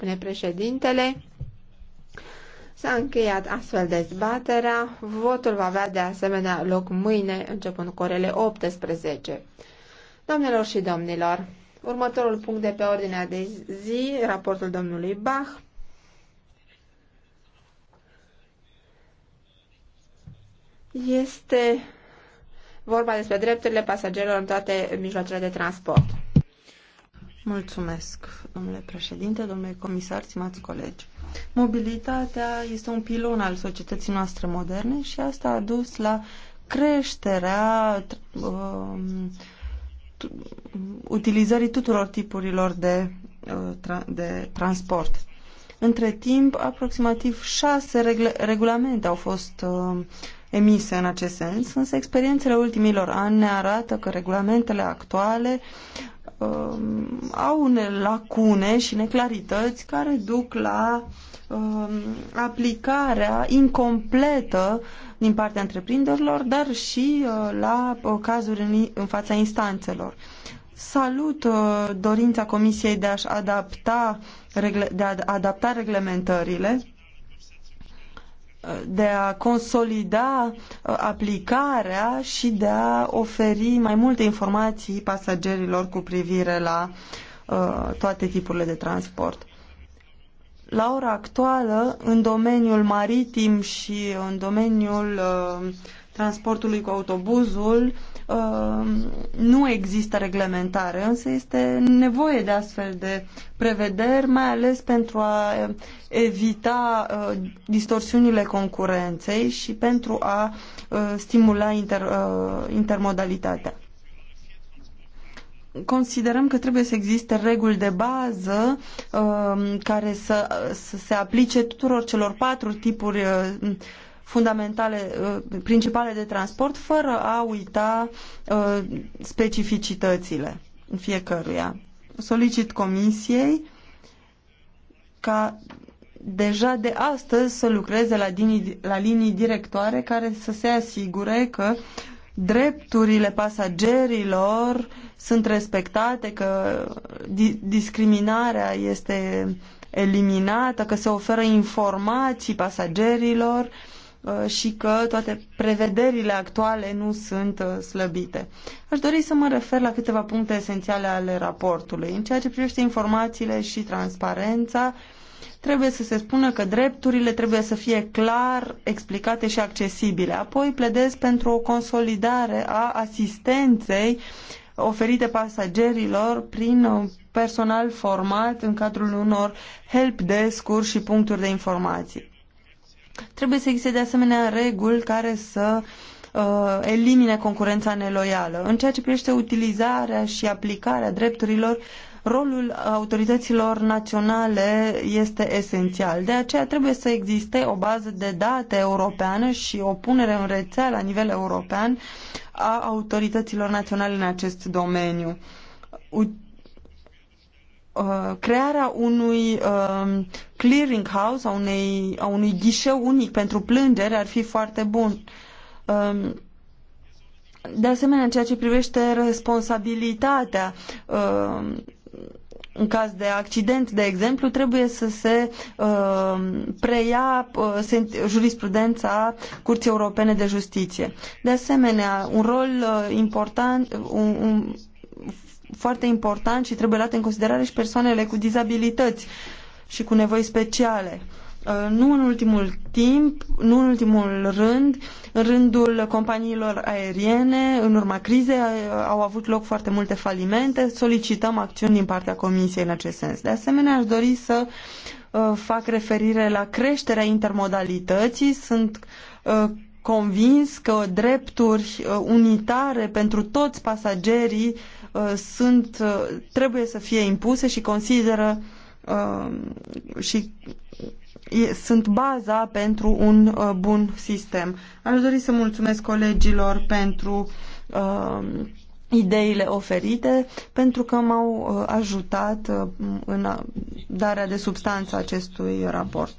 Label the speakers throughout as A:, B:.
A: spune președintele. S-a încheiat astfel dezbaterea. Votul va avea de asemenea loc mâine, începând cu orele 18. domnilor și domnilor, următorul punct de pe ordinea de zi, raportul domnului Bach, este vorba despre drepturile pasagerilor în toate mijloacele de transport.
B: Mulțumesc, domnule președinte, domnule comisar, stimați colegi. Mobilitatea este un pilon al societății noastre moderne și asta a dus la creșterea uh, utilizării tuturor tipurilor de, uh, tra de transport. Între timp, aproximativ șase regulamente au fost uh, emise în acest sens, însă experiențele ultimilor ani ne arată că regulamentele actuale uh, au unele lacune și neclarități care duc la uh, aplicarea incompletă din partea întreprinderilor, dar și uh, la uh, cazuri în, în fața instanțelor. Salut uh, dorința Comisiei de a-și adapta, de a adapta reglementările de a consolida uh, aplicarea și de a oferi mai multe informații pasagerilor cu privire la uh, toate tipurile de transport. La ora actuală, în domeniul maritim și în domeniul uh, transportului cu autobuzul, uh, nu există reglementare, însă este nevoie de astfel de prevederi, mai ales pentru a uh, evita uh, distorsiunile concurenței și pentru a stimula inter, intermodalitatea. Considerăm că trebuie să existe reguli de bază care să, să se aplice tuturor celor patru tipuri fundamentale, uh, principale de transport, fără a uita uh, specificitățile fiecăruia. Solicit comisiei ca deja de astăzi să lucreze la, linii, la linii directoare care să se asigure că drepturile pasagerilor sunt respectate, că di discriminarea este eliminată, că se oferă informații pasagerilor uh, Uh, și că toate prevederile actuale nu sunt uh, slăbite. Aș dori să mă refer la câteva puncte esențiale ale raportului. În ceea ce privește informațiile și transparența, trebuie să se spună că drepturile trebuie să fie clar explicate și accesibile. Apoi pledez pentru o consolidare a asistenței oferite pasagerilor prin uh, personal format în cadrul unor helpdesk-uri și puncturi de informații. Trebuie să existe de asemenea reguli care să uh, elimine concurența neloială. În ceea ce privește utilizarea și aplicarea drepturilor, rolul autorităților naționale este esențial. De aceea trebuie să existe o bază de date europeană și o punere în rețea la nivel european a autorităților naționale în acest domeniu. Uh, crearea unui uh, clearing house, a, unei, a unui ghișeu unic pentru plângeri ar fi foarte bun. Um, de asemenea, în ceea ce privește responsabilitatea um, în caz de accident, de exemplu, trebuie să se preia uh, jurisprudența Curții Europene de Justiție. De asemenea, un rol uh, important, un, un, foarte important și trebuie luate în considerare și persoanele cu dizabilități și cu nevoi speciale. Uh, nu în ultimul timp, nu în ultimul rând, în rândul companiilor aeriene, în urma crizei uh, au avut loc foarte multe falimente. Solicităm acțiuni din partea Comisiei în acest sens. De asemenea, aș dori să uh, fac referire la creșterea intermodalității. Sunt convins că drepturi uh, unitare pentru toți pasagerii uh, sunt, uh, trebuie să fie impuse și consideră și sunt baza pentru un bun sistem. Aș dori să mulțumesc colegilor pentru ideile oferite pentru că m-au ajutat în darea de substanță acestui raport.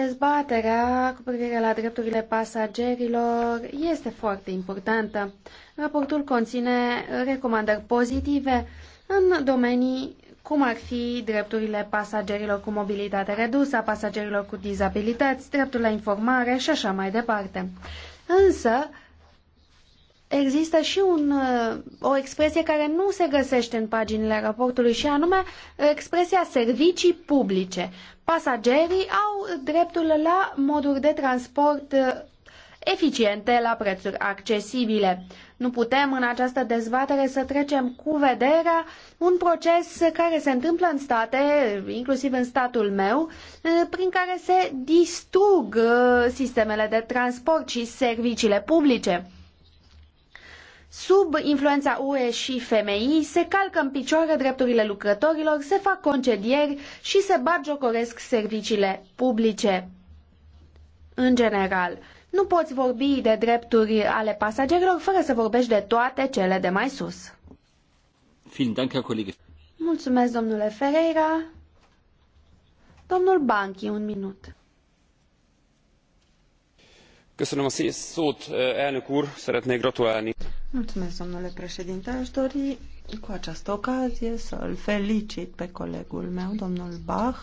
C: Dezbaterea cu privire la drepturile pasagerilor este foarte importantă. Raportul conține recomandări pozitive în domenii cum ar fi drepturile pasagerilor cu mobilitate redusă, pasagerilor cu dizabilități, dreptul la informare și așa mai departe. Însă, există și un, uh, o expresie care nu se găsește în paginile raportului și anume uh, expresia servicii publice. Pasagerii au dreptul la moduri de transport uh, eficiente la prețuri accesibile. Nu putem în această dezbatere să trecem cu vederea un proces care se întâmplă în state, inclusiv în statul meu, prin care se distrug sistemele de transport și serviciile publice. Sub influența UE și F.M.I. se calcă în picioare drepturile lucrătorilor, se fac concedieri și se batjocoresc serviciile publice. În general, nu poți vorbi de drepturi ale pasagerilor fără să vorbești de toate cele de mai sus. Mulțumesc, domnule Ferreira. Domnul Banchi, un
B: minut szeretnék gratulálni. Mulțumesc, domnule președinte. Aș dori cu această ocazie să îl felicit pe colegul meu, domnul Bach,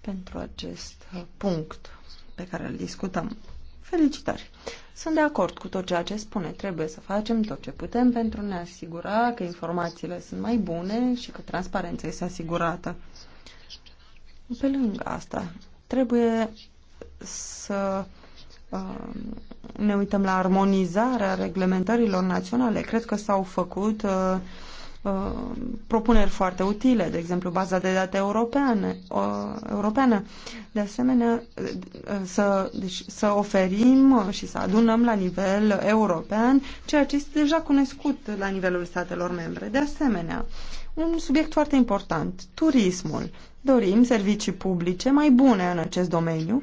B: pentru acest punct pe care îl discutăm. Felicitări! Sunt de acord cu tot ceea ce spune. Trebuie să facem tot ce putem pentru a ne asigura că informațiile sunt mai bune și că transparența este asigurată. Pe lângă asta, trebuie să Uh, ne uităm la armonizarea reglementărilor naționale, cred că s-au făcut uh, uh, propuneri foarte utile, de exemplu baza de date europeane, europeană. De asemenea, să, deci, să oferim și să adunăm la nivel european ceea ce este deja cunoscut la nivelul statelor membre. De asemenea, un subiect foarte important, turismul. Dorim servicii publice mai bune în acest domeniu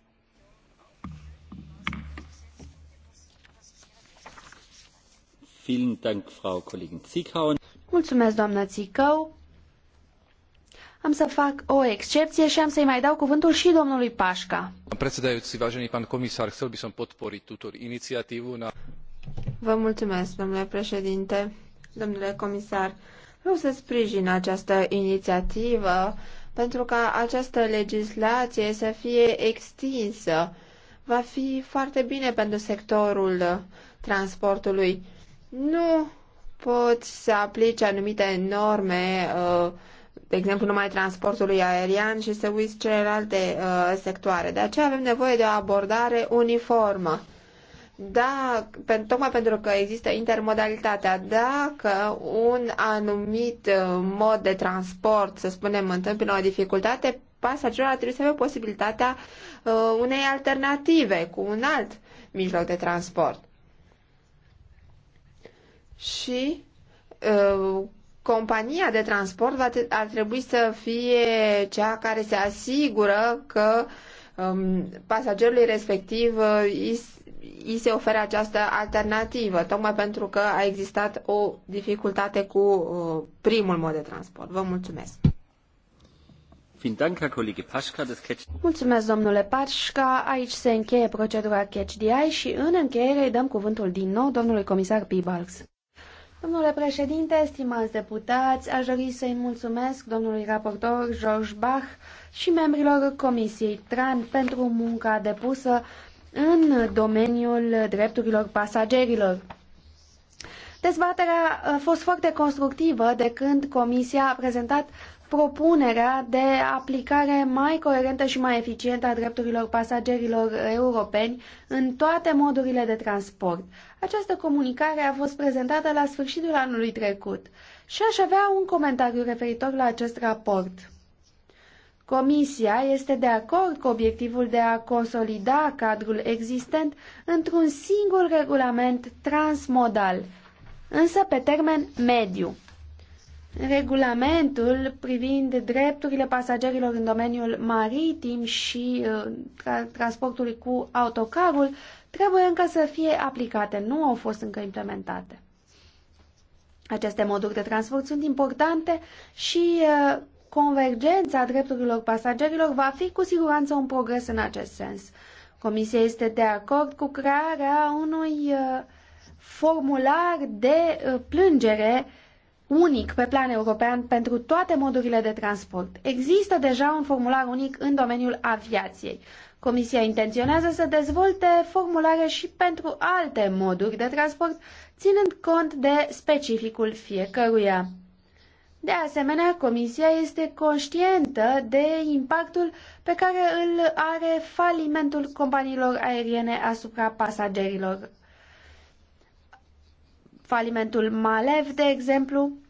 D: Mulțumesc,
C: doamnă Țicău. Am să fac o excepție și am să-i mai dau
A: cuvântul și domnului Pașca.
D: Predsedajúci, vážený pán komisár, chcel by som podporiť túto iniciatívu na...
A: Vă mulțumesc, domnule președinte, domnule comisar. Vreau să sprijin această inițiativă pentru ca această legislație să fie extinsă. Va fi foarte bine pentru sectorul transportului nu pot să aplice anumite norme, uh, de exemplu numai transportului aerian și să uiți celelalte uh, sectoare. De aceea avem nevoie de o abordare uniformă. Da, pentru, tocmai pentru că există intermodalitatea, dacă un anumit uh, mod de transport, să spunem, întâmpină o dificultate, pasagerul trebuie să aibă posibilitatea unei alternative cu un alt mijloc de transport și uh, compania de transport va ar trebui să fie cea care se asigură că um, pasagerului respectiv îi uh, se oferă această alternativă, tocmai pentru că a existat o dificultate cu uh, primul mod de transport. Vă mulțumesc!
C: Mulțumesc, domnule Pașca. Aici se încheie procedura Catch DI și în încheiere îi dăm cuvântul din nou domnului comisar Pibalx. Domnule președinte, stimați deputați, aș dori să-i mulțumesc domnului raportor George Bach și membrilor Comisiei TRAN pentru munca depusă în domeniul drepturilor pasagerilor. Dezbaterea a fost foarte constructivă de când Comisia a prezentat propunerea de aplicare mai coerentă și mai eficientă a drepturilor pasagerilor europeni în toate modurile de transport. Această comunicare a fost prezentată la sfârșitul anului trecut și aș avea un comentariu referitor la acest raport. Comisia este de acord cu obiectivul de a consolida cadrul existent într-un singur regulament transmodal, însă pe termen mediu. Regulamentul privind drepturile pasagerilor în domeniul maritim și uh, tra transportului cu autocarul trebuie încă să fie aplicate, nu au fost încă implementate. Aceste moduri de transport sunt importante și uh, convergența drepturilor pasagerilor va fi cu siguranță un progres în acest sens. Comisia este de acord cu crearea unui uh, formular de plângere unic pe plan european pentru toate modurile de transport. Există deja un formular unic în domeniul aviației. Comisia intenționează să dezvolte formulare și pentru alte moduri de transport, ținând cont de specificul fiecăruia. De asemenea, Comisia este conștientă de impactul pe care îl are falimentul companiilor aeriene asupra pasagerilor. Falimentul Malev, de exemplu,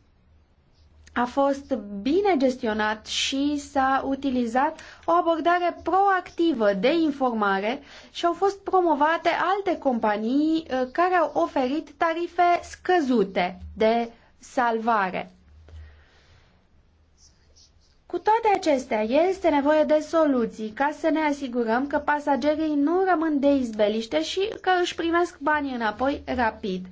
C: a fost bine gestionat și s-a utilizat o abordare proactivă de informare și au fost promovate alte companii uh, care au oferit tarife scăzute de salvare. Cu toate acestea, este nevoie de soluții ca să ne asigurăm că pasagerii nu rămân de izbeliște și că își primesc banii înapoi rapid.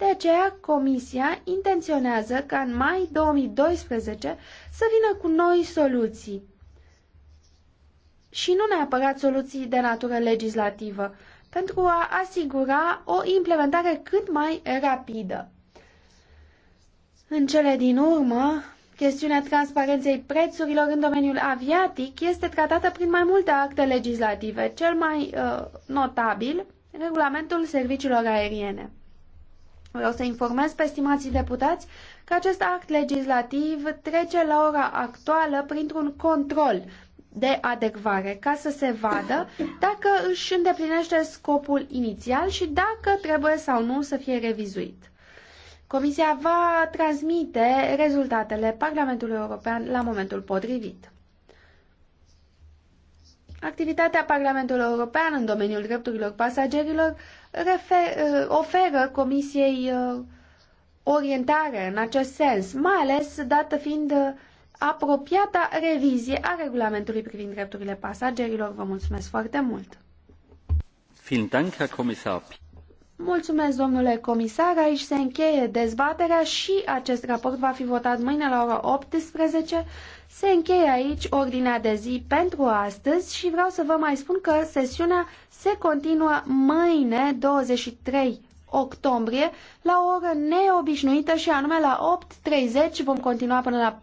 C: De aceea, Comisia intenționează ca în mai 2012 să vină cu noi soluții. Și nu neapărat soluții de natură legislativă, pentru a asigura o implementare cât mai rapidă. În cele din urmă, chestiunea transparenței prețurilor în domeniul aviatic este tratată prin mai multe acte legislative, cel mai uh, notabil, regulamentul serviciilor aeriene. Vreau să informez pe stimații deputați că acest act legislativ trece la ora actuală printr-un control de adecvare ca să se vadă dacă își îndeplinește scopul inițial și dacă trebuie sau nu să fie revizuit. Comisia va transmite rezultatele Parlamentului European la momentul potrivit. Activitatea Parlamentului European în domeniul drepturilor pasagerilor refer, uh, oferă Comisiei uh, orientare în acest sens, mai ales dată fiind uh, apropiata revizie a regulamentului privind drepturile pasagerilor. Vă mulțumesc foarte mult!
B: Vielen Dank, Herr Kommissar.
C: Mulțumesc, domnule comisar. Aici se încheie dezbaterea și acest raport va fi votat mâine la ora 18. Se încheie aici ordinea de zi pentru astăzi și vreau să vă mai spun că sesiunea se continuă mâine, 23 octombrie, la o oră neobișnuită și anume la 8.30. Vom continua până la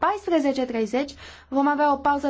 C: 14.30. Vom avea o pauză